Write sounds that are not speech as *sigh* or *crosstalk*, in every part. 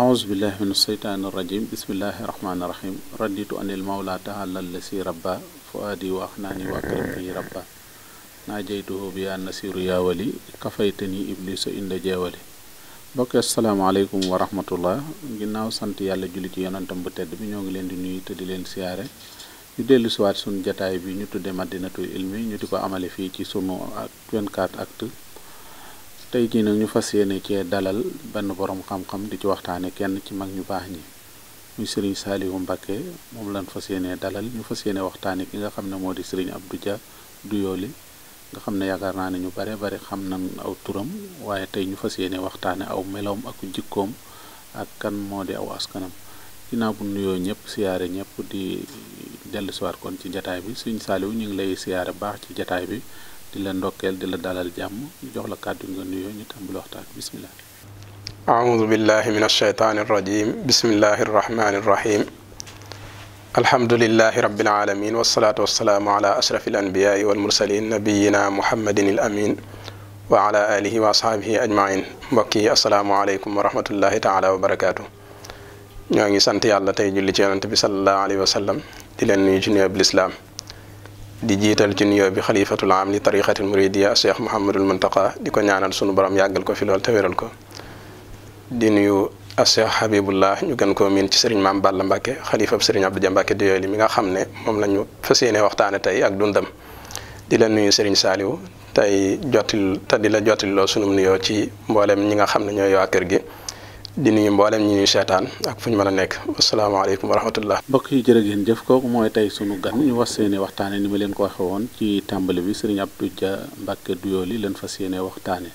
أعوذ بالله من الشيطان الرجيم بسم الله الرحمن الرحيم رديت أن المولى تعالى الذي ربى فؤادي وأحناني وأكرمني ربى ناجيته بأن نسير يا ولي كفيتني إبليس إن جاولي mbokk asalaamaaleykum wa rahmatullah ginnaaw sant yàlla julli ci yonantam bu tedd bi ñoo ngi leen di nuyu te di leen siyaare ñu dellu siwaat suñu jataay bi ñu tudde madinatul ilmi ñu di ko amale fii ci sunu ak 24 actu tey jii nag ñu fas yéene cee dalal benn borom xam-xam di ci waxtaane kenn ci mag ñu baax ñi muy sëriñ Saalihu Mbakke moom lañ fa yéene dalal ñu fas yéene waxtaane ki nga xam ne moo di sëriñ Abdou Dia Douyoly nga xam ne yaakaar naa ne ñu bare bare xam nañ aw turam waaye tey ñu fa yéene waxtaane aw meloom ak jikkoom ak kan moo di aw askanam ginnaaw bu nuyoo ñëpp siyaare ñëpp di dellu siwaat kon ci jataay bi suñ saaliw ñu ngi lay siyaare baax ci jataay bi di la ndokkeel di la dalal jàmm jox la kàddu nga nuyoo ñu tàmbali waxtaan bisimilah aoudu billahi min alcheytaani arrajim bismillahi arrahmani arrahim alhamdulilahi rabbil alamin wasalaatu wasalaamu ala ashrafi alanbiyaai walmursalin nabiyina muhammadin al amin wa ala alihi wa ashaabihi ajmain mbokk yi asalaamualeykum wa rahmatullahi taala wa barakaatu ñoo ngi sant yàlla tey julli ci yonante bi salallahu alayhi wa sallam di leen nuyu ci nuyoo bi lislaam di jiital ci nuyoo bi xalifatul am li tariqatil muridiya cheikh Mouhamadul Muntaqa di ko ñaanal sunu borom yàggal ko fi lool te wéral ko di nuyu a cheikh Habibullah ñu gën koo miin ci sëriñ maam Balla Mbacke xalifab sëriñ Abdou Dia Mbacke di yooyu li mi nga xam ne moom la ñu fas yéene waxtaane tey ak dundam di leen nuyu sëriñ Saliou tey jotil te di la jotil loo sunu nuyoo ci mbooleem ñi nga xam ne ñooy waa kër gi. di nuyu mboolem ñu ñuy seetaan ak fu ñu mën a nekk asalaamaaleykum wa rahmatullah mbokk yi jërë ngeen jëf kooku mooy tey sunu ñu wax seeni waxtaane ni ma leen ko waxe woon ci tàmbali bi sëriñ Abdou Dia Mbacke Doyoly leen fas yéene waxtaane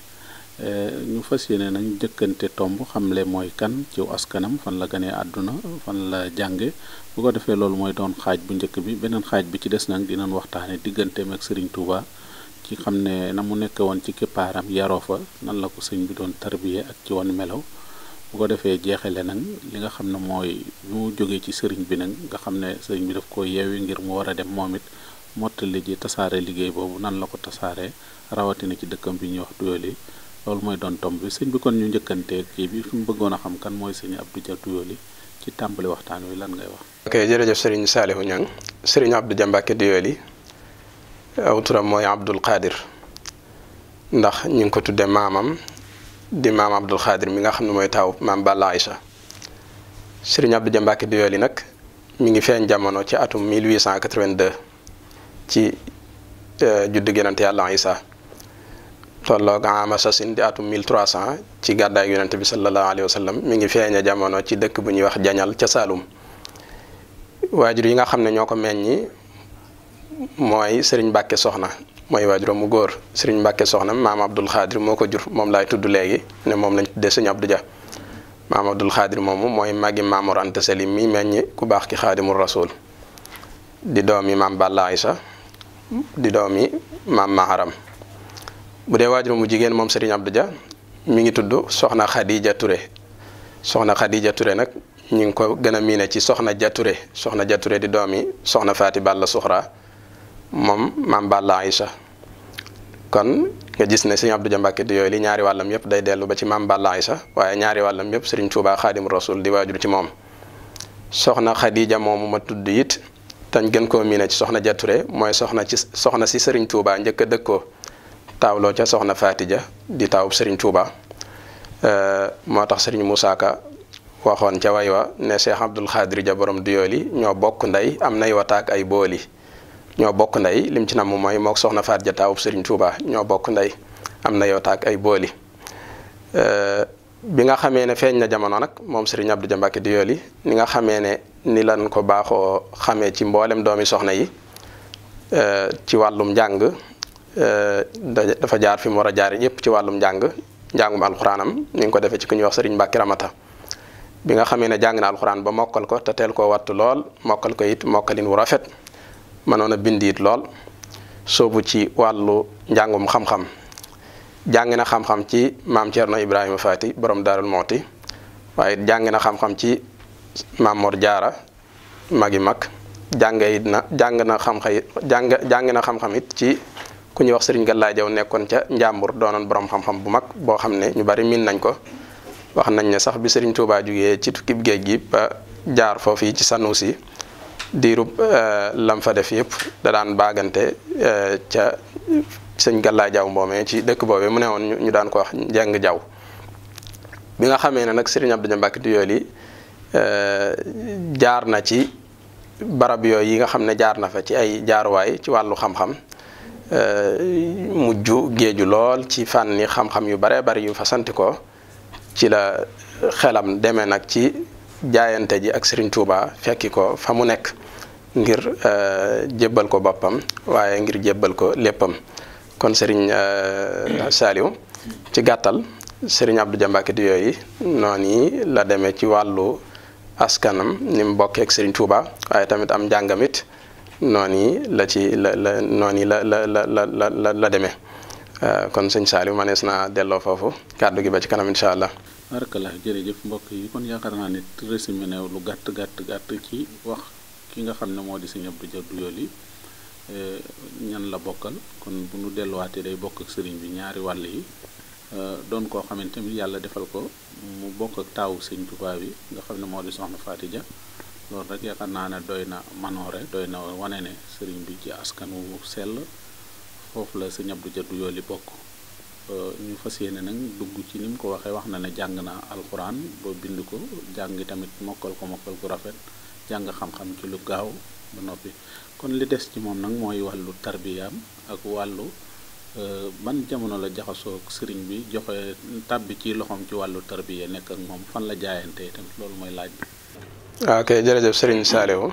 eh, ñu fas yéene nañ jëkkante tomb xamle mooy kan ci askanam fan la ganee àdduna fan la jànge bu ko defee loolu mooy doon xaaj bu njëkk bi beneen xaaj bi ci des nag dinañ waxtaane digganteem ak sëriñ Touba ci xam ne na mu nekkee woon ci kippaaram yaroo fa nan la ko sëñ bi doon tarbiye ak ci wan melaw bu ko defee jeexale nag li nga xam ne mooy bi mu jógee ci sëriñ bi nag nga xam ne sëriñ bi daf ko yi ngir mu war a dem moom it mottali ji tasaare liggéey boobu nan la ko tasaare rawatina ci dëkkam bi ñuy wax Doyoly loolu mooy doon tomb bi sëñ bi kon ñu njëkkante kii bi fi mu bëggoon a xam kan mooy sëñ Abdou Dia Doyoly ci tàmbali waxtaan wi lan ngay wax. ok jërëjëf sëriñ Saliou Niang sëriñ Abdou Dia Mbacke Doyoly aw turam mooy Abdoul Qadir ndax ñu ngi ko tuddee maamam. di maam Abdul Xaadir mi nga xam ne mooy taaw maam Balla Aïcha sëriñ Abdou Dia Mbacke Doyoly nag mi ngi feeñ jamono ci atum 1882 ci euh, judd yonente yàlla Isa tolloog ama sasin di atum 1300 ci gàddaay yonente bi sallallahu alayhi wa sallam mi ngi feeña jamono ci dëkk bu ñuy wax jañal ca Saalum waajur yi nga xam ne ñoo ko meññi mooy sëriñ Mbacke Soxna mooy waajuram mu góor sëriñ Mbàkke soxna maam Abdul Xaadir moo ko jur moom laay tudd léegi ne moom lañ tuddee sëñ Abdou Dia maam Abdul Xaadir moomu mooy màggi Maamor Anta Salim mi meññi ku baax ki xaadimul rasul di doom yi maam Balla Aysa di doom yi maam Maharam bu dee waajuram mu jigéen moom sëriñ Abdou Dia mi ngi tudd soxna Khadija Touré soxna Khadija Touré nag ñu ngi ko gën a miine ci soxna Dia soxna Dia di doom yi soxna Faati Balla Suxra moom maam Balla Aïcha kon nga gis ne sëñ Abdou Dia Mbacke yooyu li ñaari wàllam yëpp day dellu ba ci maam Balla Aïcha waaye ñaari wàllam yëpp Serigne Touba Xaadim Rasul di waajur ci moom soxna Khadija moomu ma tudd yit dañ gën koo miine ci soxna Jature mooy soxna ci soxna si Serigne Touba njëkk a dëkkoo taawloo ca soxna Fatija di taawub sëriñ Touba euh, moo tax Serigne Moussa Ka waxoon ca way wa ne Cheikh Abdoul Khadir Ja borom duyooli ñoo bokk ndey am nay wataak ay booli ñoo bokk ndey lim ci nam mooy mook soxna faar ja taawub sëriñ Tuuba ñoo bokk ndey am na yoo taak ay booli bi nga xamee ne feeñ na jamono nag moom sëriñ Abdou Ja Mbàkke di yooli ni nga xamee ne ni lan ko baaxoo xamee ci mboolem doomi soxna yi ci wàllum njàng dafa jaar fi mu war a jaar yépp ci wàllum njàng njàngum alxuraanam ni nga ko defee ci ku ñuy wax sëriñ Mbàkke Ramata bi nga xamee ne jàng na alxuraan ba mokkal ko te teel koo wattu lool mokkal ko it mokkalin wu rafet mënoon a bind yit lool soobu ci wàllu njàngum xam-xam jàng na xam-xam ci maam Thierno Ibrahima Fati borom Darou Mouhty waaye jàng na xam ci maam Mor Jaara magi mag jànge it na jàng na xam-xam jàng jàng na xam it ci ku ñuy wax sëriñ Gallaa Jaw nekkoon ca Njàmbur doonoon boroom xam-xam bu mag boo xam ne ñu bari miin nañ ko wax nañ ne sax bi sëriñ Touba jugee ci tukkib géej gi ba jaar foofu yi ci Sanusi diirub euh, lam fa def yëpp da daan baagante euh, ca sëñ Gallaa Jaw mboomee ci dëkk boobee mu ne woon ñu daan ko wax njàng jaw bi nga xamee ne nag Serigne Abdou Mbacké Doyoly euh, jaar na ci barab yooyu yi nga xam ne jaar na fa ci ay jaaruwaay ci wàllu xam-xam mujj géeju lool ci fànni xam-xam yu bare bari yu fa santi ci la xelam demee nag ci jaayante ji ak Serigne Touba fekki ko fa mu nekk ngir euh, jébbal ko bappam waaye ngir jébbal ko léppam kon Serigne euh, Saliou ci gàttal Serigne Abdou Dia Mbacké yooyu noonu la demee ci wàllu askanam ni mu bokkee ak Serigne Touba waaye tamit am njàngamit noonu la ci la la noonu la la la la la demee euh, kon sëñ Saliou manees naa delloo foofu kàddu gi ba ci kanam incha allah. barkala jërëjëf mbokk yi kon yaakaar naa ne résumé na lu gàtt gàtt gàtt ci wax ki nga xam ne moo di Sëriñ Abdou Dia Doyoly eh, ñan la bokkal kon bu nu delluwaatee day bokk ak sëriñ bi ñaari wàll yi eh, doon koo xamante ni yàlla defal ko mu bokk ak taawu Sëriñ Tuubaa bi nga xam ne moo di soxna Faati Ja loolu rek yaakaar naa ne doy na manoore doy na wane ne sëriñ bi ci askan wu sell foofu la Sëriñ Abdou Dia Doyoly bokk Euh, ñu fas yéene nag dugg ci ni mu ko waxee wax na ne jàng naa alxuraan boo bind ko jàng tamit mokkal ko mokkal gu rafet jàng xam-xam ci lu gaaw ba noppi kon li des ci moom nag mooy wàllu tarbiyaam ak wàllu euh, ban jamono la jaxasoo sëriñ bi joxe tàbbi ci loxoom ci wàllu tarbiya nekk ak moom fan la jaayante tamit loolu mooy laaj bi. waaw ah, kay jërëjëf sëriñ Saliou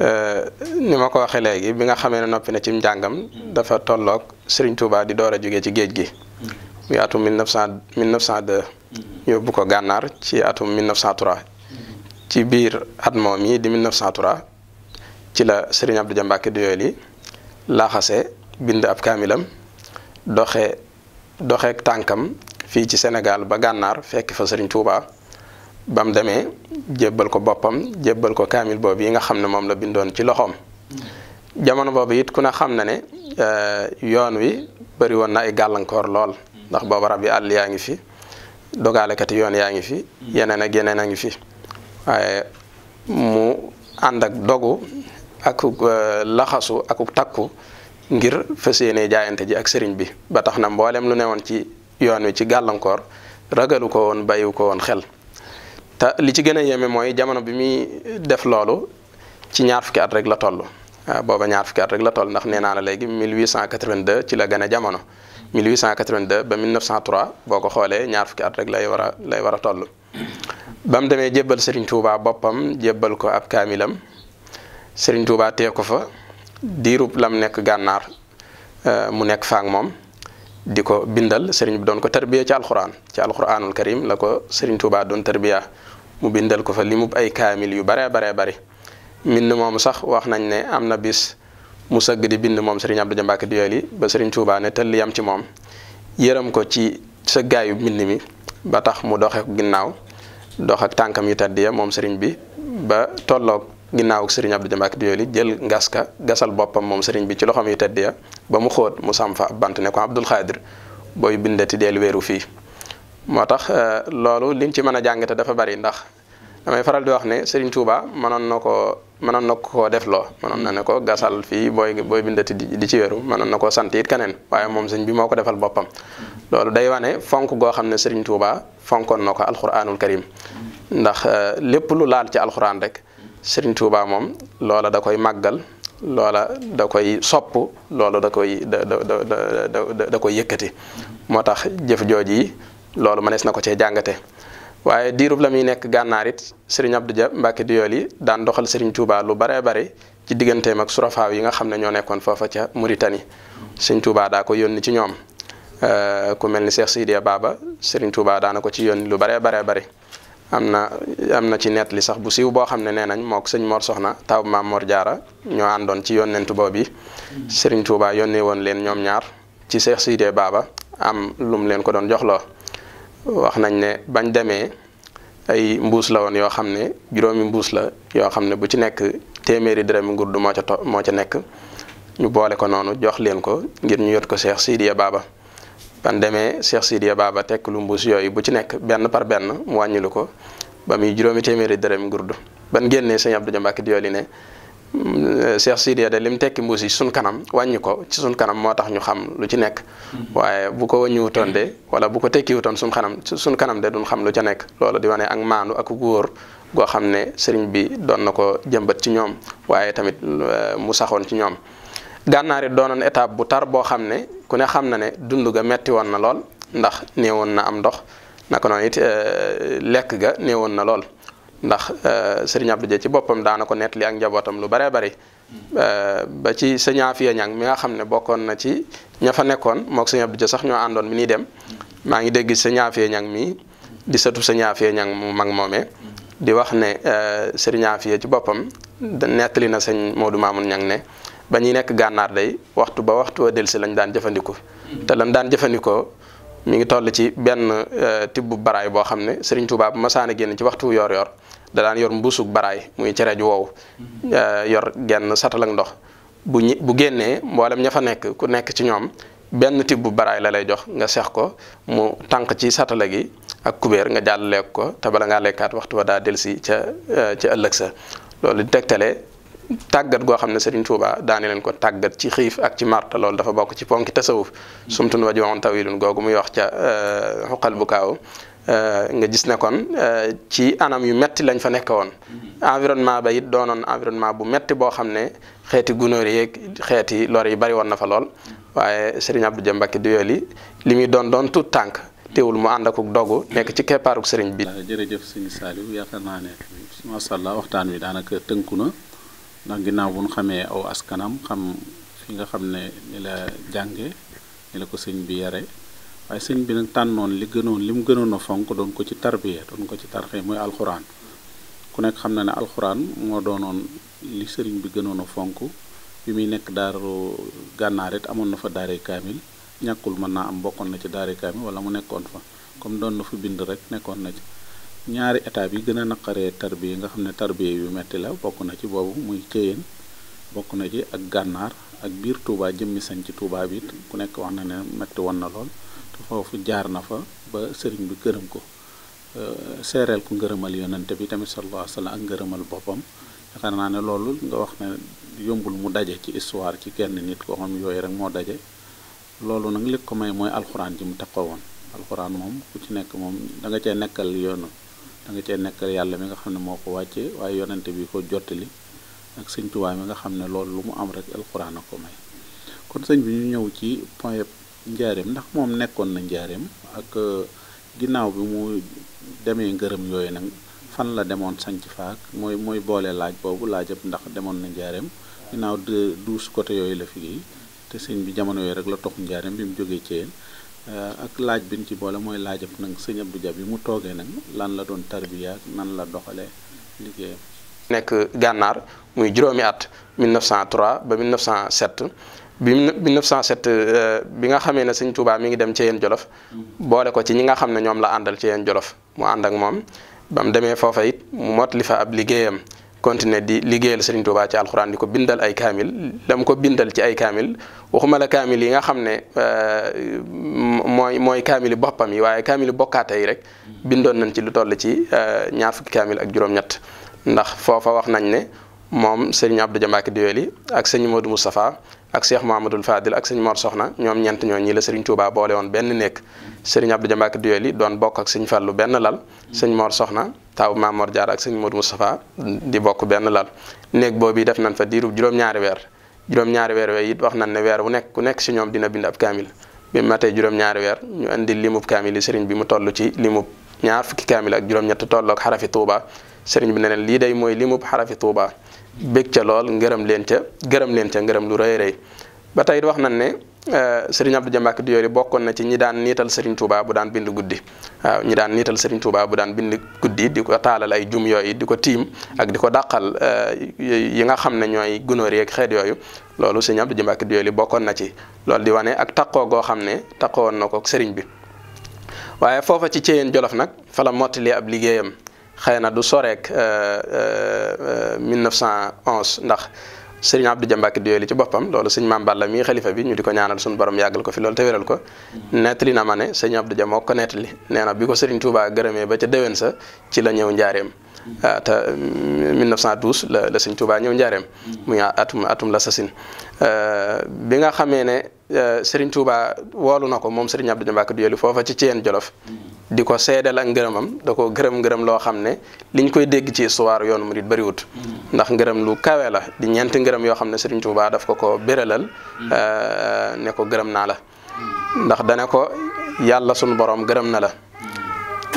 Euh, ni ma ko waxee léegi bi nga xamee ne noppi na ci njàngam dafa tolloog Serigne Touba di door a jógee ci géej gi muy atum 1900 1902 yóbbu ko gànnaar ci atum 1903 ci biir at moom yi di ci la Serigne Abdou Dia Mbacké laaxase bind ab kaamilam doxe doxeek tànkam fii ci Sénégal ba gànnaar fekk fa Serigne Touba ba mu demee jébbal ko boppam jébbal ko kaamil boobu yi nga xam ne moom la bindoon ci loxoom jamono boobu it ku ne xam na ne euh, yoon wi bëri woon na ay gàllankoor lool ndax booba rab yi àll yaa ngi fi dogaalekati yoon yaa ngi fi yeneen ak yeneen a ngi fi mu ànd ak dogu ak euh, laxasu ak takku ngir fas yéene jaayante ji ak sëriñ bi ba tax na mboolem lu ne woon ci yoon wi ci gàllankoor ragalu ko woon bayiwu ko woon xel te li ci gën a yéeme mooy jamono bi muy def loolu ci ñaar fukki at rek la toll ah, booba ñaar fukki at rek la toll ndax nee naa la léegi 1882 ci la gën a jamono 1882 ba 1903 boo ko xoolee ñaar fukki at rek lay war lay war a toll ba mu demee jébbal Serigne Touba boppam jébbal ko ab kaamilam sëriñ Touba tee ko fa diirub lam nekk gànnaar euh, mu nekk faak moom di ko bindal Serigne bi doon ko tarbiya ci alxuraan ci alxuraanul karim la ko Serigne Touba doon tarbiya mu bindal ko fa li mu ay kaamil yu baree baree bari mbind moom sax wax nañ ne am na bis mu sëgg di bind moom sëriñ Abdou Jambake Diol yi ba sëriñ Touba ne tëll yam ci moom yërëm ko ci sëggaayu mbind mi ba tax mu doxe ginnaaw dox ak tànkam yu tedd ya moom sëriñ bi ba tolloog ginnaaw ak sëriñ Abdou Jambake Diol jël ngas ka gasal boppam moom sëriñ bi ci loxoom yu tedd ya ba mu xóot mu sàmm fa ab bant ne ko Abdul Xaadir booy bindati deel wéeru fii moo tax euh, loolu liñ ci mën a jàngate dafa bari ndax damay faral di wax ne Serigne Touba mënoon na ko mënoon na koo def loo mënoon na ne ko gasal fii booy booy bindati di ci wéru mënoon na koo sant it keneen waaye moom sëñ bi moo ko defal boppam loolu day wane fonk goo xam ne Serigne Touba fonkoon na ko alxuraanul karim ndax euh, lépp lu laal ci alxuraan rek Serigne Touba moom loola da koy màggal loola da koy sopp loolu da koy da da da da koy yëkkati moo tax jëf jooji yi loolu mënees na ko cee jàngate waaye diirub la muy nekk gànnaar it sëriñ Abdou ja Mbacke Diol yi daan doxal sëriñ Touba lu baree bare ci digganteem ak surafaaw yi nga xam ne ñoo nekkoon foofa ca Mauritanie sëriñ Touba daa ko yónni ci ñoom euh, ku mel ni Cheikh Sidiya Baba sëriñ daana ko ci yónni lu baree baree bare am na am na ci net li sax bu siiw boo xam ne nee nañ mook sëñ moor Soxna taw maam moor Jaara ñoo àndoon ci yoon yónnentu boob yi sëriñ Touba yónnee woon leen ñoom ñaar ci Cheikh Sidiya baaba am lum leen ko doon joxloo wax nañ ne bañ demee ay mbuus la woon yoo xam ne juróomi mbuus la yoo xam ne bu ci nekk téeméeri dërëmi ngurdu moo ca to moo ca nekk ñu boole ko noonu jox leen ko ngir ñu yot ko Cheikh Sidiya Baba ban demee Cheikh Sidiya Baba tekk lu mbuus yooyu bu ci nekk benn par benn mu wàññilu ko ba muy juróomi téeméeri dërëmi ngurdu ban génnee sëñ Abdou Dia Mbacke Doly ne Mm, Cheikh Sidiya de lim tekki mbuus yi suñ kanam wàññi ko ci suñ kanam moo tax ñu xam lu ci nekk waaye bu ko wàññiwutoon de wala bu ko tekkiwutoon suñ kanam suñ kanam de duñ xam lu ca nekk loolu di wane ak maandu ak góor goo xam ne sëriñ bi doon na ko jëmbat ci ñoom waaye tamit eh, mu saxoon ci ñoom gànnaar yi doonoon étape bu tar boo xam ne ku ne xam na ne dund ga metti woon na lool ndax néewoon na am ndox naka noonu it eh, lekk ga néewoon na lool ndax euh, sëriñ Abdou Dia ci boppam daana ko nettali ak njabootam lu baree bari hmm. euh, ba ci sëñ Afia Ñang mi nga xam ne bokkoon na ci ña fa nekkoon moog sëñ Abdou Dia sax ñoo àndoon mi ni dem hmm. maa ngi dégg sëñ Afia Ñang mi di sëtu sëñ Afia Ñang mu mag moome hmm. di wax ne euh, sëriñ Afia ci boppam nettali na sëñ Modou Mamoun Ñang ne ba ñuy nekk gànnaar day waxtu ba waxtu wa delsi lañ daan jëfandikoo te lañ daan jëfandikoo mu ngi toll ci benn euh, tibb baraay boo xam ne Serigne Touba bu masaana génn ci waxtu yor-yor da yor mbuusug baraay muy cere ju wow mhm. euh, yor genn satal ndox bu ñi bu génnee mboolem ña fa nekk ku nekk ci ñoom benn tibb baraay la lay jox nga seex ko mu tànk ci satala gi ak kubéer nga jàll lekk ko te bala ngaa lekkaat waxtu wa daa dellusi ca euh, ca ëllëg sa loolu tegtale tàggat goo xam ne Serigne Touba daane leen ko tàggat ci xiif ak ci marta loolu dafa bokk ci ponki tasawuf sumtun wa joxoon tawilun googu muy wax ca xuqal euh, bu kaaw euh, nga gis ne kon euh, ci anam yu metti lañ fa nekk woon environnement ba it doonoon environnement bu metti boo xam ne xeeti gunóor yeeg xeeti lor yi bari woon na fa lool waaye Serigne Abdou Dia Mbacké Doyoly li muy doon doon tuut tànk teewul mu ànd akuk dogu nekk ci keppaaruk Serigne bi. jërëjëf Serigne Saliou naa ne macha allah waxtaan wi daanaka tënku na. ndax ginnaaw bu ñu xamee aw askanam xam fi nga xam ne ni la jànge ni la ko sëñ bi yare waaye sëñ bi nag tànnoon li gënoon li mu gënoon a fonk doon ko ci tarbiya doon ko ci tarxee mooy alxuraan ku nekk xam na ne alxuraan moo doonoon li sëriñ bi gënoon a fonk bi muy nekk daaru gànnaar it amoon na fa daare kaamil ñàkkul mën naa am bokkoon na ci daare kaamil wala mu nekkoon fa comme doon na fu bind rek nekkoon na ci ñaari étape yi gën a naqaree tarbiya nga xam ne tarbiya yu metti la bokk na ci boobu muy cëyeen bokk na ci ak gànnaar ak biir tuubaa jëmmi sañ ci Touba bi it ku nekk wax na ne metti woon na lool te jaar na fa ba sëriñ bi gërëm ko euh, seereel ku ngërëmal yonante bi tamit sallallahu alayhi wa sallam ak ngërëmal boppam yaakaar naa ne loolu nga wax ne yombul mu daje ci histoire ci kenn nit koo xam yooyu rek moo daje loolu nag lékk ko may mooy alxuraan ji mu ko woon alxuraan moom ku ci nekk moom da nga cee nekkal yoonu da nga cee nekkal yàlla mi nga xam ne moo ko wàcce waaye yonante bi ko jottali ak sëñ Tuubaa mi nga xam ne loolu lu mu am rek alxuraan a ko may kon sëñ bi ñu ñëw ci point njaareem ndax moom nekkoon na njaareem ak euh, ginnaaw bi mu demee ngërëm yooyu nag fan la demoon sanc faak mooy mooy boole laaj boobu laajab ndax demoon na njaareem ginnaaw de douze côté yooyu la fi te sëñ bi jamono yooyu rek la tox njaareem bi mu jógee ci yéen Euh, ak laaj bi ñu ci boole mooy laaj laajam nag sëñ Abdou Dia bi mu toogee nag lan la doon tarbiya ak nan la doxalee liggéeyam. nekk gànnaar muy juróomi at 1903 ba 1907. bi 1907 euh, bi nga xamee ne sëñ Touba mi ngi dem ci yeen jolof boole ko ci ñi nga xam ne ñoom la àndal ci yeen jolof mu ànd ak moom ba mu demee foofa it mu mot li fa ab liggéeyam continuer di liggéeyal Serigne Touba ci alxuraan di ko bindal ay kaamil lam ko bindal ci ay kaamil waxuma la kaamil yi nga xam ne euh, mooy mooy kaamil boppam yi waaye kaamil bokkaate yi rek bindoon nañ ci lu toll ci euh, ñaar fukki kaamil ak juróom-ñett ndax foofa wax nañ ne moom Serigne Abdou Dia Mbacké Diwéli ak Serigne Modou Moustapha ak Cheikh Mouhamadul Fadil ak sëñ Mor Soxna ñoom ñent ñoo ñi la sëriñ Touba boole woon benn nekk sëriñ Abdou Jambaak Duyeli doon bokk ak sëñ Fallu benn lal sëñ Mor Soxna taw Mamor Jaar ak sëñ Modou Moustapha di bokk benn lal néeg boobu def nañ fa diiru juróom-ñaari weer juróom-ñaari weer yooyu it wax nañ ne weer wu nekk ku nekk si ñoom dina bind ab kaamil bi juróom-ñaari ñu indi limub kaamil yi sëriñ bi mu toll ci limub ñaar fukki kaamil ak juróom-ñett toll ak xarafi Touba sëriñ bi ne lii day mooy li mu xarafi tuuba bég ca lool ngërëm leen ca gërëm leen ca ngërëm lu rëy rëy ba tey wax nañ ne euh, sëriñ Abdou Dia Mbacké Doyory bokkoon na ci ñi daan niital sëriñ Touba bu daan bind guddi waaw ñi daan niital sëriñ Touba bu daan bind guddi di ko taalal ay jum yooyu di ko tiim ak di ko dàqal euh, yi nga xam ne ñooy gunóor yeeg xeet yooyu loolu sëriñ Abdou Dia Mbacké Doyory bokkoon na ci loolu di wane ak taqoo goo xam ne takkoo woon na ko sëriñ bi waaye foofa ci Ceyeen Jolof nag fa la mottalee ab liggéeyam xëy na du soreek 1911 euh, euh, euh, ndax sëriñ Abdou Dia Mbacke Doyoly ci boppam loolu sëñ Maam Balla mii xalifa bi ñu di ko ñaanal suñu borom yàggal ko fi loolu te wéral ko nettali na ma ne sëñ Abdou ko nettali nee na bi ko sëriñ Touba gërëmee ba ca déwén sa ci la ñëw njaareem ah, te 1912 ñëw njaareem muy atum atum la sasin bi nga xamee ne sëriñ Touba woolu na ko moom sëriñ Abdou Dia Mbacke Doyoly foofa ci ci Thiène Jolof di ko seedeel ak ngërëmam da ko gërëm ngërëm loo xam ne liñ koy dégg ci histoire yoonu murid bariwut ndax ngërëm lu kawe la di ñeenti ngërëm yoo xam ne Serigne Touba daf ko ko béralal euh, ne ko gërëm naa la ndax dane ko yàlla sunu borom gërëm na la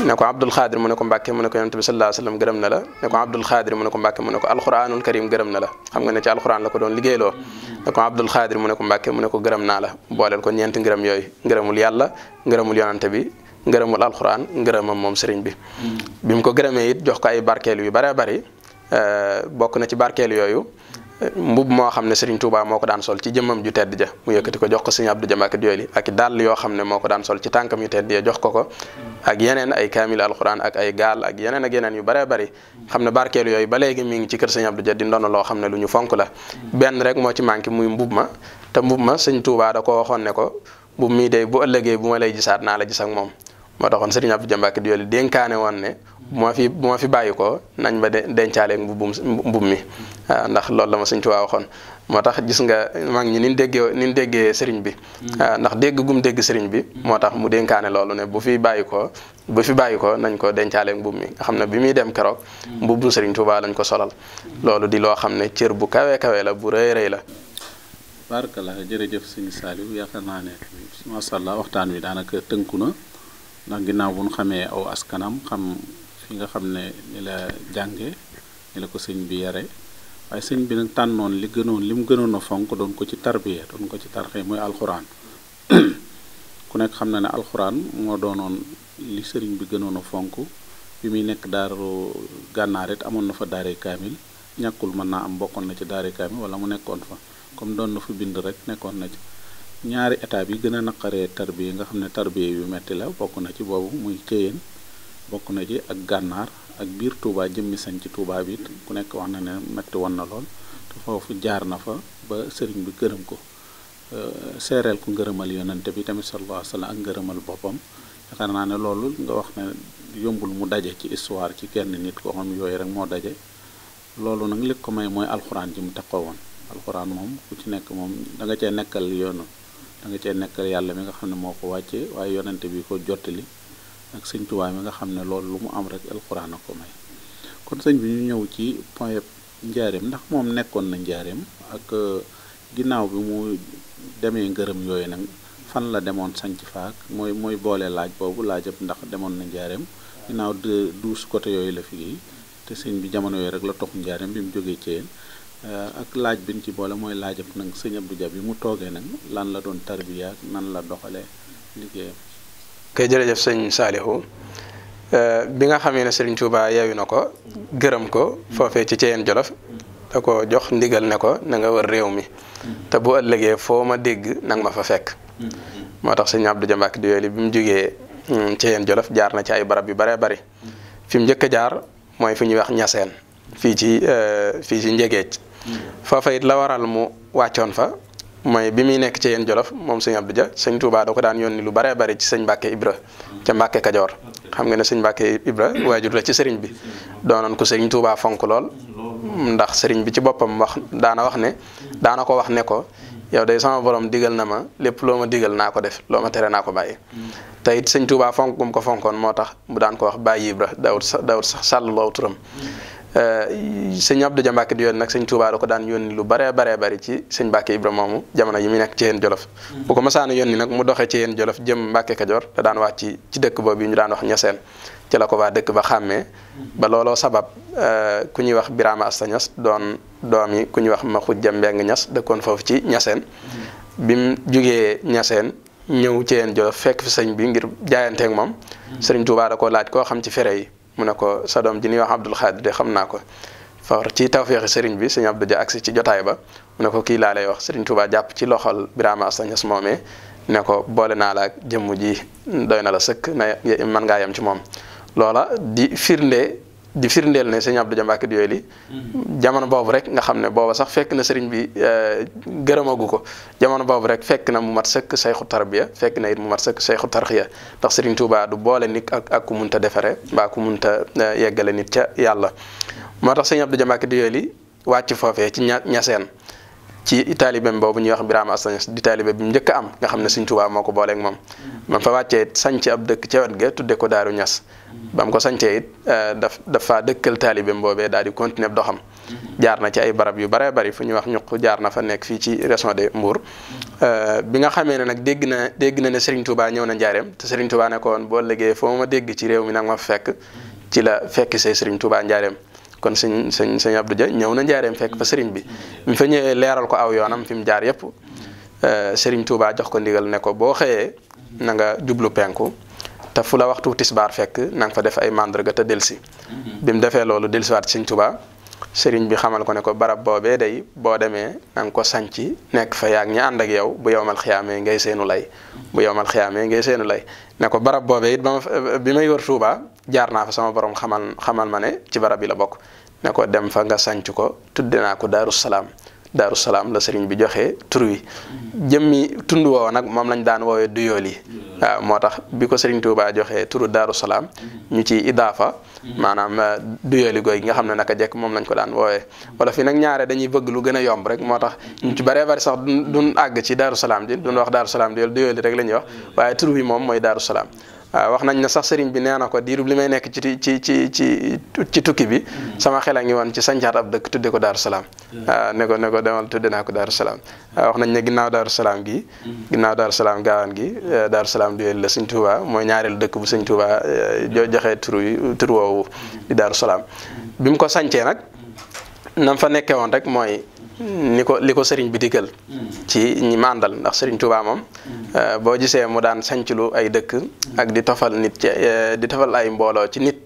ne ko Abdul Xaadir mu ne ko Mbàkke mu na la ne ko Abdul Xaadir ko Mbàkke mu ne ko alxuraanul karim gërëm na la xam nga ne ci alxuraan la ko doon liggéeyloo ne mu ne ko Mbàkke mu ne ko gërëm naa la ko ñeenti ngërëm yooyu ngërëmul yàlla ngërëmul yonante bi ngërëmul alxuraan ngërëmam moom sëriñ bi. bi mu ko gërëmee it jox ko ay barkeel yu bare bari euh, bokk na ci barkeel yooyu. Euh, mbubb moo xam ne Serigne Touba moo ko daan sol ci jëmmam ju tedd ja mu yëkkati ko jox ko Serigne Abdou Jamak ak dàll yoo xam ne moo ko daan sol ci tànkam yu tedd ya jox ko ko ak yeneen ay kaamil alxuraan ak ay gaal ak yeneen ak yeneen yu bëree bari xam ne barkeel yooyu ba léegi mi ngi ci kër Serigne Abdou Dia di ndono loo xam ne lu ñu fonk la benn rek moo ci manqué muy mbub ma te mbub ma sëñ Touba da ko waxoon ne ko mbub mii day bu ëllëgee bu ma lay gisaat naa la gis ak moom moo taxoon Serigne Abdou Jambake di yoolu dénkaane woon ne bu ma fi bu ma fi bàyyi ko nañ ma dencaaleeg mbubum mbub mi ah, ndax loolu la ma Sëriñ Tuubaa waxoon moo tax gis nga mag ñi ni ñu déggee déggee sëriñ bi hmm. ah, ndax dégg dégg sëriñ bi moo tax mu dénkaane loolu ne bu fi bàyyi ko bu fi bàyyi ko nañ ko dencaaleeg mbub mi xam ne bi muy dem keroog hmm. mbubbu Sëriñ Tuubaa lañ ko solal loolu di loo xam ne cër bu kawe kawe la bu rëy rëy la barkala jërëjëf sëñ Saliou yaakaar naa ne macha allah waxtaan wi daanaka tënku ndax ginnaaw bu ñu xamee aw askanam xam fi nga xam ne ni la jànge ni la ko sëñ bi yare waaye sëñ bi nag tànnoon li gënoon li mu gënoon a fonk doon ko ci tarbiya doon ko ci tarxee mooy alxuraan *coughs* ku nekk xam na ne alxuraan moo doonoon li sëriñ bi gënoon a fonk bi muy nekk daaru gànnaar it amoon na fa daare kaamil ñàkkul mën naa am bokkoon na ci daare kaamil wala mu nekkoon fa comme doon na fu bind rek nekkoon na ci ñaari état bi gën a naqaree tarbiya nga xam ne tarbiya yu metti la bokk na ci boobu muy Ceyeen bokk na ci ak gànnaar ak biir Touba jëmmi sañ ci Touba bi ku nekk wax na ne metti woon na lool te foofu jaar na fa ba sëriñ bi gërëm ko seereel ku ngërëmal yonante bi tamit sallallahu alayhi wa ak ngërëmal boppam yaakaar naa ne loolu nga wax ne yombul mu daje ci histoire ci kenn nit ko xam yooyu rek moo daje loolu nag li ko may mooy alxuraan ji mu takkoo woon alxuraan moom ku ci nekk moom da nga cee nekkal yoonu da nga cee nekkal yàlla mi nga xam ne moo ko wàcce waaye yonente bi ko jottali ak sëñ Tuubaa mi nga xam ne loolu lu mu am rek alxuraan a ko may kon sëñ bi ñu ñëw ci point njaareem ndax moom nekkoon na njaareem ak euh, ginnaaw bi mu demee ngërëm yooyu nag fan la demoon sanc faak mooy mooy boole laaj boobu laajab ndax demoon na njaareem ginnaaw de douze côté yooyu la fi te sëñ bi jamono yooyu rek la tox njaareem bi mu jógee ci Euh, ak laaj bi ci boole mooy laajam nag sëñ Abdou Dia bi mu toogee nag lan la doon tarbiya nan la doxalee liggéeyam. kay jërëjëf sëñ Saalihu euh, bi nga xamee ne Sëriñ Tuubaa yeewu na ko gërëm ko foofee ci Ceyeen Jolof da ko jox ndigal ne ko na nga wër réew mi te bu ëllëgee foo ma dégg nag ma fa fekk. moo tax sëñ Abdou Dia Mbàkke di bi mu jógee mm, Ceyeen Jolof jaar na ci ay barab yu baree bari fi mu njëkk a jaar mooy fi ñuy wax ñaseen fii ci euh, fii ci Njëgeej. foofa it la waral mu wàccoon fa mooy bi muy nekk ci yenn jolof moom sëñ Abdou ja sëñ Touba da ko daan yoon ni lu bare bari ci sëñ Mbàkke Ibra ca Mbàkke Kajoor xam nga ne sëñ Mbàkke Ibra waajur la ci sëriñ bi doonoon ko sëriñ Touba fonk lool ndax sëriñ bi ci boppam wax daana wax ne daana ko wax ne ko yow day sama borom digal na ma lépp loo ma digal naa ko def loo tere naa ko bàyyi te it sëñ Touba fonk ko fonkoon moo tax mu daan ko wax bàyyi Ibra daawut daawut sax sàll loo turam Euh, sëñ Abdou Dia Mbacke di yoon nag sëñ Touba da ko daan yoon yónni lu baree baree bari ci sëñ Mbacke Ibrahima moomu jamono yi mu nekk ci yéen Jolof mm. bu ko masaana yónni nag mu doxee ci yéen Jolof jëm Mbacke Kajoor daan wax ci ci dëkk boobu yi ñu daan wax ñaseen ci la ko waa dëkk ba xàmmee ba looloo sabab euh, ku ñuy wax Birama Asta Ñas doon doom yi ku ñuy wax Maxu Jambeng Ñas dëkkoon foofu ci ñaseen bi mu jugee ñaseen ñëw ci yéen Jolof fekk fi sëñ bi ngir jaayanteek moom mm. sëriñ Touba da laaj koo xam ci fere yi mu ne ko sa doom ji ñuy wax Abdul Xaadir de xam naa ko far ci tawféexi sëriñ bi sëñ Abdou Dia agsi ci jotaay ba mu ne ko kii laa lay sëriñ Touba jàpp ci loxol Birama Asta Ñas ne ko boole naa la ak jëmm ji doy na la sëkk na man ngaa yam ci moom loola di firnde di firndeel ne sëñ Abdou Dia Mbacke Doyoly jamono boobu rek nga xam ne booba sax fekk na sëriñ bi eh, gërëmagu ko jamono boobu rek fekk na mu mat sëkk sayxu tarbiya fekk na it mu mat sëkk sayxu ya ndax sëriñ Touba du boole nit ak ak ku munta defare mbaa ku munta eh, yeggale nit ca yàlla moo tax sëñ Abdou Dia Mbacke Doyoly wàcc foofu foofee ci ña ñaseen ci taalibeem boobu ñu wax Birama Assane di taalibe bi mu njëkk a am nga xam ne Sëriñ Tuubaa moo ko booleeg moom ba mu fa wàccee sanc ab dëkk ca wet ga tudde ko Daaru Ñas ba mu ko sancee it eh, daf dafa dëkkal taalibeem boobee daal di continuer doxam jaar na ci ay barab yu bare bari fu ñuy wax ñukk jaar na fa nekk fii ci région de Mbour eh, bi nga xamee ne nag dégg na dégg na ne Sëriñ Tuubaa ñëw na njaareem te Sëriñ ne ko boo liggéey foo ma dégg ci réew mi nag ma fekk ci la fekk see Sëriñ Tuubaa njaareem kon sëñ sëñ sëñ Abdou ñëw na njaareem fekk fa sëriñ bi mu fa leeral ko aw yoonam fi mu jaar yëpp euh, sëriñ Touba jox ko ndigal ne ko boo xëyee na nga jublu penku te fu la waxtu tisbaar fekk na nga fa def ay mandarga te delsi bi mu defee loolu delsiwaat sëñ Touba sëriñ bi xamal ko ne ko barab boobee day boo demee na nga ko sànci nekk fa yaag ñi ànd ak yow bu yowmal xiyaamee ngay seenu lay bu yowmal xiyaamee ngay seenu lay ne ko barab boobee it ba ma bi may wër Touba jaar naa fa sama borom xamal xamal ma ne ci barab bi la bokk ne ko dem fa nga sànc ko tudde naa ko daaru salaam daaru salaam la sëriñ bi joxe tur wi jëmmi tund woow nag moom lañ daan woowee duyool yi waaw moo tax bi ko sëriñ Touba joxe turu daaru salaam ñu ci iddaafa maanaam euh, duyooli gooy gi nga xam ne naka jekk moom lañ ko daan woowee wala fi nag ñaare dañuy bëgg lu gën a yomb rek moo tax ñu ci bëree bëri sax du duñ àgg ci daaru salaam ji duñ wax daaru salaam duyool duyooli rek la ñuy wax waaye tur wi moom mooy daaru salaam Ah, wax nañ ne sax sëriñ bi nee na ko diirub li may nekk ci ci ci ci ci tukki bi hmm. sama xel ngi woon ci sancaat ab dëkk tudde ko Daaru Salaam hmm. ah, ne ko ko demal tudde naa ko Daaru Salaam ah, wax nañ ne ginnaaw Daaru Salaam gi hmm. ginnaaw Daaru Salaam gaawaan gi eh, Daaru Salaam duel la Sëñ Tuuba mooy ñaareel dëkk bu Sëñ Tuuba eh, jo joxe tur yi tur woowu di Daaru Salaam ko sancee nag nam fa nekkee woon rek mooy li ko li ko sëriñ bi digal ci ñi màndal ndax sëriñ Tuubaa moom euh, boo gisee mu daan sanclu ay dëkk ak di tofal nit ci euh, di tofal ay mbooloo ci nit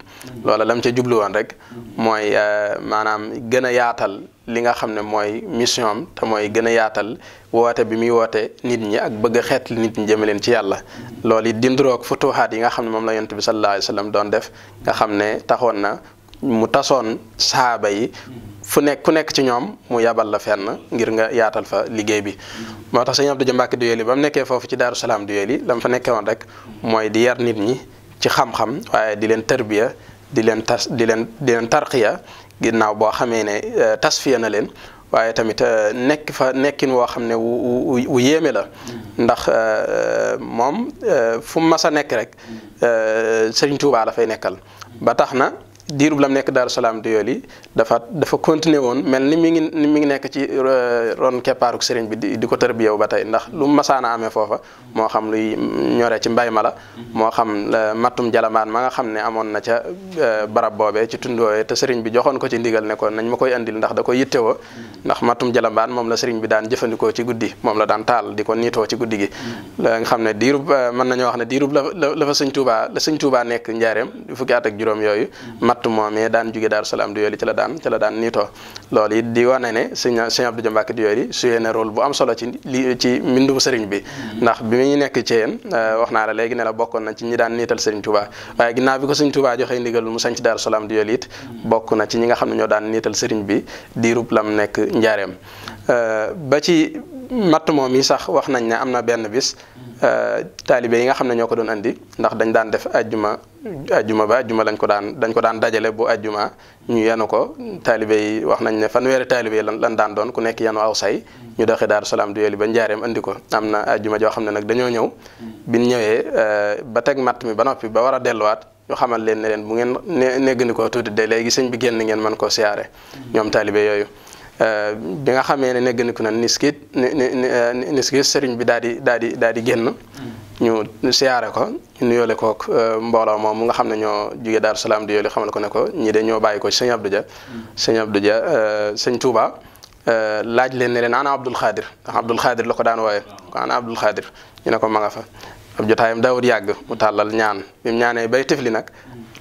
loola lam ca jublu rek mooy euh, maanaam gën a yaatal li nga xam ne mooy mission te mooy gën a yaatal woote bi muy woote nit ñi ak bëgg a xeet nit ñi jëme leen ci yàlla loolu it dindiroog futuxaat yi nga xam ne moom la yonent bi sallallahu alayhi wa sallam doon def nga xam ne taxoon na mu tasoon saaba yi fu nekk ku nekk ci ñoom mu yabal la fenn ngir nga yaatal fa liggéey bi moo tax sëñ Abdou Mbàkke Doyoly ba mu nekkee foofu ci Daaru Salaam Doyoly la mu fa nekkee woon rek mooy di yar nit ñi ci xam-xam waaye di leen tërbiya di leen tas di leen di leen ginnaaw boo xamee ne euh, tasfiya na leen waaye tamit euh, nekk fa nekkin woo xam ne wu wu yéeme la ndax euh, moom fu mu mas a nekk rek Sëriñ Tuubaa la fay nekkal ba tax na diirub lam nekk Daaru Salaam di yool dafa dafa continuer woon mel ni mi ngi ni mi ngi nekk ci ron keppaaruk sëriñ bi di ko tërbiye wu ba tey ndax lu masaana amee foofa moo xam luy ñoree ci mbay ma la moo xam mattum jalamaan ma nga xam ne amoon na ca euh, barab boobee ci tundoowee te sëriñ bi joxoon ko ci ndigal ne nañ ma koy andil ndax da ko yitte woo ndax mattum jalamaan moom la sëriñ bi daan jëfandikoo ci guddi moom la daan taal di ko niitoo ci guddi gi la nga xam ne diirub mën nañoo wax ne diirub la la fa sëñ Tuubaa la sëñ Tuubaa nekk njaareem fukki at ak juróom yooyu natt moomee daan jóge Daaru di yooli ci la daan ci la daan niitoo loolu it di wane ne sëñ sëñ Abdou Diambacké di yooli suyee na rôle bu am solo ci li sëriñ bi mm-hmm. ndax bi mu nekk ci yéen euh, wax naa la léegi na ci ñi daan niital sëriñ Touba waaye ginnaaw bi ko sëriñ Touba joxee ndigal mu sañ ci di yooli it mm-hmm. bokk na ci ñi nga xam ne ñoo daan niital sëriñ bi diirub lam nekk njaareem euh, ba ci matt moom yi sax wax nañ ne am na benn bis mm. euh, taalibe yi nga xam ne ñoo ko doon indi ndax dañ daan def ajjuma ajjuma ba ajjuma lañ ko daan dañ ko daan dajale bu ajjuma ñu yanu ko taalibe yi wax nañ ne fanweeri taalibe yi lan lan daan doon ku nekk yenu aw say mm. ñu doxee Daaru Salaam du weli ba njaareem andi ko am na ajjuma joo xam ne nag dañoo ñëw mm. bi ñu ñëwee euh, ba teg matt mi ba noppi ba war a delluwaat ñu xamal leen ne leen bu ngeen ne néggandi ko tuuti de léegi sëñ bi génn ngeen man koo siyaare ñoom yooyu Euh, bi nga xamee ne neggandiku na niskit niskit sëriñ bi daal di daal di daal di génn ñu siyaare ko ñu nuyoole kook euh, mbooloo moom mu nga xam ne ñoo jóge Daaru Salaam di yooli xamal ko ne ko ñii de ñoo bàyyi ko sëñ Abdou Dia sëñ Abdou Dia euh, sëñ Touba laaj leen ne leen ana Abdul Xaadir ndax Abdul Xaadir la ko daan wooye ko ana Abdul Xaadir ñu ne ko ma nga fa ab jotaayam daawut yàgg mu tàllal ñaan bi mu ñaanee bay tifli nag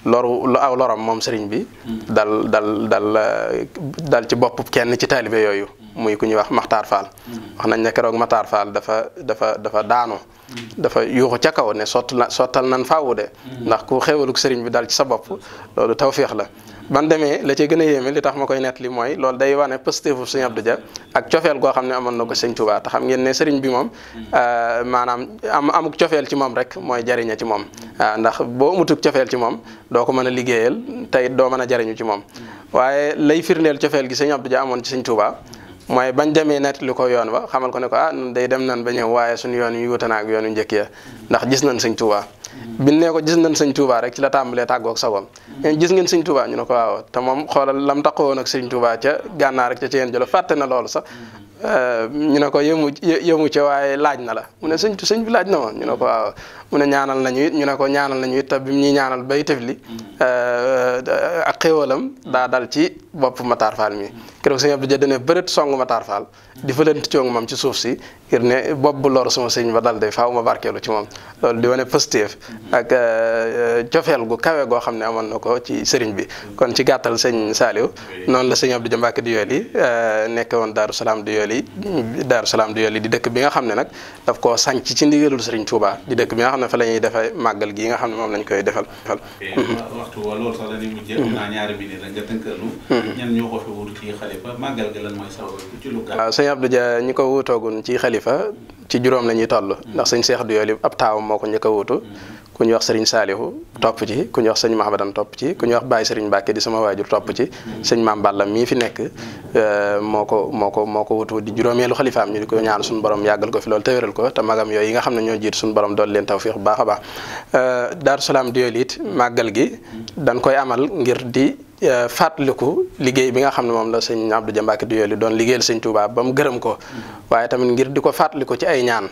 loru aw loram moom sëriñ bi dal dal euh, dal ci bopp kenn ci taalibe yooyu muy ku ñuy wax Maxtaar Fall wax nañ ne keroog Maxtaar Fall dafa dafa dafa daanu dafa yuuxu ca kaw ne sott sottal nan faawu de ndax ku xéewaluk sëriñ bi dal ci sa bopp loolu tawféex la ban demee la ca gën a yéeme li tax ma koy nett mooy loolu day wane pëstéefu Sëriñ Abdou Dia ak cofeel goo xam ne amoon na ko Sëriñ Tuubaa xam ngeen ne sëriñ bi moom euh, maanaam am amuk cofeel ci moom rek mooy jariña ci moom euh, ndax boo amutuk cofeel ci moom doo ko mën a liggéeyal tey doo mën a jariñu ci moom waaye lay firndeel cofeel gi Sëriñ Abdou Dia amoon ci Sëriñ Tuubaa mooy bañ demee nettali ko yoon wa xamal ko ne ko ah nun day dem nan ba ñëw waaye suñu yoon yu wuute na ak yoonu njëkk ya ndax gis nañ Sëriñ Tuubaa biñ nee ko gis nañ sëñ Touba rek ci la tàmbalee tàggoog sagoom leen mm. eh, gis ngeen sëñ Touba ñu ne ko waaw te moom xoolal lam taxawoon ak sëñ Touba ca gànnaar rek ca ci yéen jëlo fàtte na loolu sax mm. eh, ñu ne ko yëmu yëmu ca waaye laaj na la mu ne sëñ sëñ bi laaj na ma ñu ne ko waaw mu ne ñaanal nañu it ñu ne ko ñaanal nañu it te bi mu ñuy ñaanal bay tëfli mm. eh, ak xéewalam daa dal ci bopp Matar Fall mi keroog sëñ Abdou Dia dane bërët song Matar Fall di fa leen moom ci suuf si ngir ne bopp bu lor sama sëñ ba dal de faaw ma barkeelu ci moom loolu di wane pëstéef ak euh, euh, cofeel gu kawe goo xam ne amoon na ko ci sëriñ bi kon ci gàttal sëñ Saliou noonu la sëñ Abdou Dia Mbacké Doyoly euh, nekk woon Daaru Salaam Doyoly Daaru Salaam Doyoly di dëkk bi nga xam ne nag daf ko sànc ci ndigalul sëriñ Touba di dëkk bi nga xam ne fa la ñuy defee màggal gi nga xam ne moom lañ koy defal defal waxtu sëñ Abdou Dia ñi ko wuutoogun ci xalifa ci juróom la ñuy toll ndax sëñ Seex Abdou ab taawam moo ko njëkk a wuutu ku ñu wax sëriñ Saalihu topp ci ku ñu wax ma Mahamadan topp ci ku ñu wax Baye sëriñ Mbàkke di sama waajur topp ci sëñ Maam Balla mii fi nekk euh, moo ko moo ko moo ko wuutu di juróomeelu xalifaam ñu ko ñaan suñu borom yàggal ko fi loolu te wéral ko te magam yooyu yi nga xam ne ñoo jiit suñu borom dool leen tawfiix bu baax a baax euh, Daaru màggal gi dañ koy amal Euh, fàttaliku liggéey bi nga xam ne moom la sëñ Abdou Dia Mbacke Doyoly doon liggéeyal sëñ Touba ba mu gërëm ko mm-hmm. waaye tamit ngir di ko ko ci ay ñaan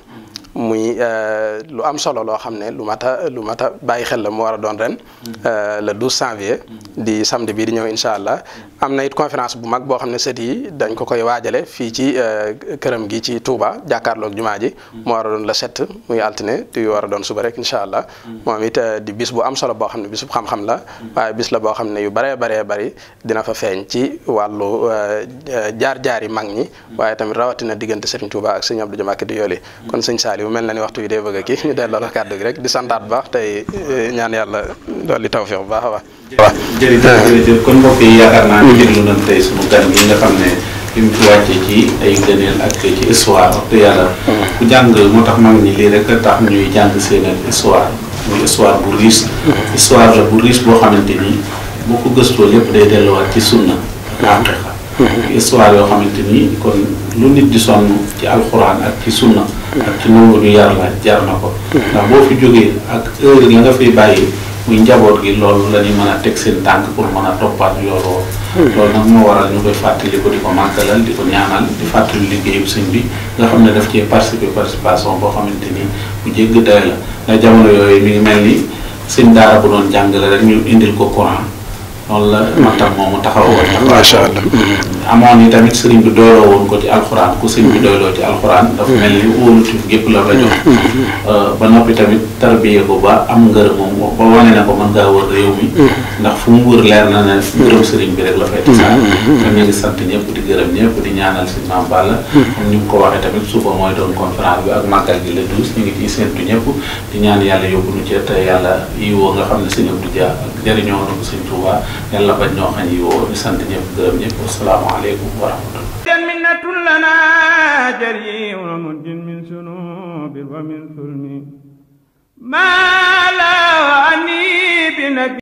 muy euh, lu am solo loo xam ne lu mat lu mat a bàyyi xel la mu war doon ren. Mm-hmm. Euh, le 12 janvier. Mm-hmm. di samedi bii di ñëw incha allah. Mm-hmm. am na it conférence bu mag boo xam ne sët yi dañ ko koy waajale fii ci euh, këram gi ci tuuba jàkkaarloog jumaa ji. mu war doon le 7 muy altine di war a doon suba rek incha allah. moom it di bis bu am solo boo xam ne bisub xam-xam la. waaye bis la boo xam ne yu baree baree bari dina fa feeñ ci wàllu jaar-jaari mag ñi. waaye tamit rawatina diggante Serigne Touba ak Serigne Abdou Diamé ak Diolé kon bi mu mel na ni waxtu yi day bëgg a kii ñu delloo la kàddu gi rek di santaat baax tey eh, ñaan yàlla dolli tawféex bu baax a baax. waaw jërëjëf kon mbokk yi yaakaar naa ni déglu nañ tey sunu gan yi nga xam ne fi mu wàccee ci ay gëneel ak ci histoire wax yàlla. Mm-hmm. ku jàng moo tax mag ñi lii rek tax ñuy jàng seen histoire muy histoire bu riche. Mm-hmm. histoire la bu riche boo xamante ni boo ko gëstoo lépp day delluwaat ci sunna. Mm-hmm. histoire yoo xamante ni kon lu nit di sonn ci alxuraan ak ci sunna ak ci nangu yar la jar na ko mm-hmm. ndax boo fi jógee ak heure la nga fi bàyyi muy njaboot gi loolu la ñuy mën a teg seen tànk pour mën a toppaat yooloo mm-hmm. loolu nag moo waral ñu koy fàttali ko di ko màggalal di ko ñaanal di fàttali liggéeyu sëñ bi nga xam ne def cee participer participation boo xamante ni bu jégg day la ndax jamono yooyu mi ngi mel ni sëñ daara bu doon jàngale rek ñu indil ko courant loolu la Makhtar moomu taxawoon. macha allah amoon yi tamit sëriñ bi doyloo woon ko ci alxuraan ku sëriñ bi mm-hmm. doyloo ci alxuraan. dafa mel ni wóolutif gépp la la jox. Mm-hmm. Uh, ba noppi tamit tarbiyee ko ba am ngërëm moom ba wane na ko mën ngaa wër réew mi mm. ndax fu mu wër leer na ne mm. mbirum sëriñ bi rek la fay tasaar mm, kon ñu ngi sant ñëpp di gërëm ñëpp di ñaanal si Mame Balla comme ni mu ko waxee tamit suba mooy doon conférence bi ak màggal gi le douze ñu ngi ciy séntu ñëpp di ñaan yàlla yóbbu nu ci te yàlla yiwoo nga xam ne sëñ Abdou Dia ak jëriñoo na ko sëñ yàlla bañ ñoo xañ yiwoo ñu sant ñëpp gërëm ñëpp asalaamaaleykum wa rahmatullah ما لا أني بنبي